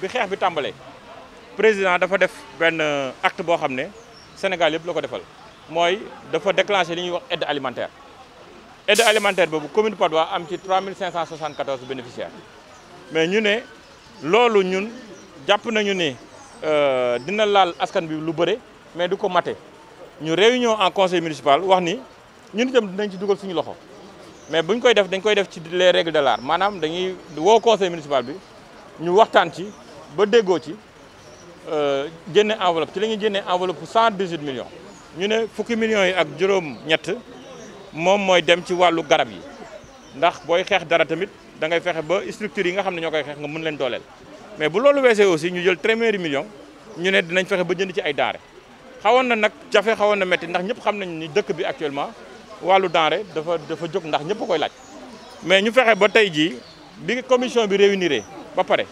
bi xeex bi tàmbalee président dafa def benn euh, act boo xam ne Sénégal yëpp la ko defal mooy dafa déclenché li ñuy wax aide alimentaire aide alimentaire boobu commune Patte d'Oie am ci 3574 bénéficiaires mais ñu ne loolu ñun jàpp nañu ne euh, dina laal askan bi lu bëre mais du ko mate ñu réunion en conseil municipal wax ni ñun itam dinañ ci dugal suñu loxo mais buñ koy def koy def ci les règles de l'art maanaam dañuy woo conseil municipal bi ñu waxtaan ci ba déggoo ci euh, génne enveloppe ci la ñuy génne enveloppe cent dix-huit millions ñu ne fukki million yi ak juróom-ñett moom mooy dem ci wàllu garab yi ndax booy xeex dara tamit da ngay fexe ba structures yi nga xam ne ñoo koy xeex nga mun leen dooleel mais bu loolu weesee aussi ñu jël téeméeri million ñu ne dinañ fexe ba jënd ci ay daare xawoon na nag jafe xawoon na métti ndax ñëpp xam nañ ni dëkk bi actuellement wàllu denrée dafa dafa jóg ndax ñepp koy laaj mais ñu fexé ba tay ji bi commission bi réuniré ba paré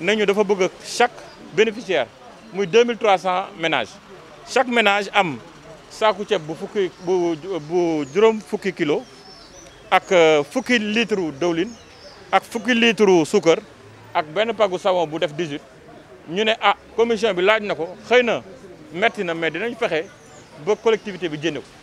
nañu dafa bëgg chaque bénéficiaire muy 2300 ménages chaque ménage am sakku ceeb bu fukki bu bu juroom fukki kilo ak euh, fukki litre dëwlin ak fukki litre sucre ak benn pagu savon bu def 18 ñu né ah commission bi laaj nako xeyna metti na mais dinañ fexé ba collectivité bi jëne ko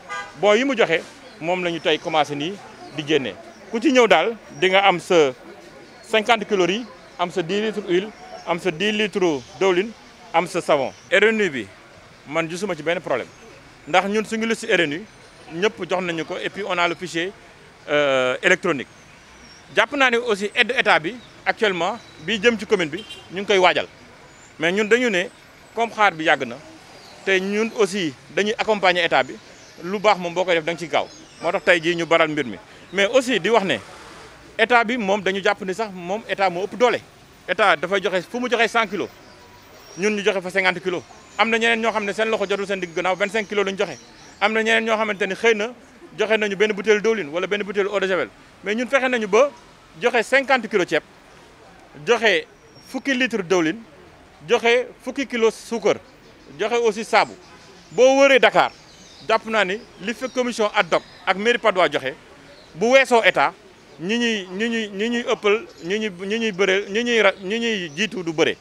bon yi mu joxe moom la ñu tey commencé nii di génne ku ci ñëw daal di nga am sa cinquante 50 calories am sa 10 litres huile am sa 10 litres dawlin am sa savon. RNU bi man suma ci benn problème ndax ñun suñu si RNU ñëpp jox nañu ko et puis on a le fichier euh, électronique jàpp naa ne aussi aide état bi actuellement bii jëm ci commune bi ñu ngi koy waajal mais ñun dañu ne comme xaar bi yàgg na te ñun aussi dañuy accompagner état bi. lu baax moom boo koy def da nga ci gaaw moo tax tey ji ñu baral mbir mi mais aussi di wax ne état bi moom dañu jàpp ni sax moom état moo ëpp doole état dafay joxe fu mu joxe 100 kilos ñun ñu joxe fa 50 kilos am na ñeneen ñoo xam ne seen loxo jotul seen digg gannaaw 25 kilos lañu joxe am na ñeneen ñoo xamante ni xëy na joxe nañu benn butéelu diwlin wala benn butéelu eau de javel mais ñun fexe nañu ba joxe 50 kilos ceeb joxe fukki litre diwlin joxe fukki kilos suukar joxe aussi saabu boo wëree dakaar jàpp naa ni li fi commission at hoc ak mairie Patte joxe bu weesoo état ñi ñuy ñi ñuy ñi ñuy ëppal ñi ñuy ñi ñuy bëree ñi ñuy ra ñi ñuy jiitu du bëre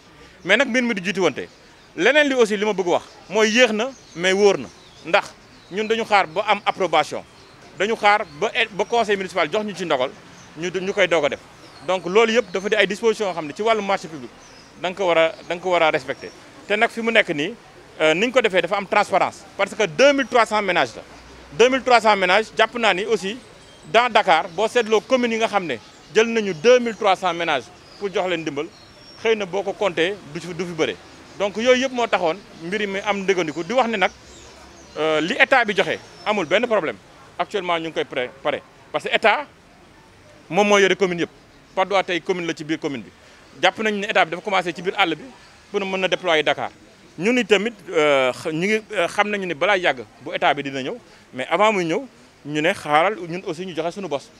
mais nag mbir mi du jiitu wante leneen li aussi li ma bëgg wax mooy yéex na mais wóor na ndax ñun dañu xaar ba am approbation dañu xaar ba e, ba conseil municipal jox ñu ci ndogal ñu ñu koy doog a def donc loolu yëpp dafa di ay dispositions yoo xam ne ci wàllu marché public danga ko war a da ko war a respecté te nag fi mu nekk nii. Nous avons fait une transparence parce que 2300 ménages 2300 ménages aussi dans Dakar C'est le commune yi nga 2300 ménages pour nous, leen dimbal nous avons du donc ne problème actuellement nous sommes prêts. parce que l'état, commune pas commune la commune commencé pour déployer Dakar ñu ni tamit euh, ñu ngi euh, xam nañu ne balaa yàgg bu état bi dina ñëw mais avant muy ñëw ñu ne xaaral ñun aussi ñu joxe suñu bos.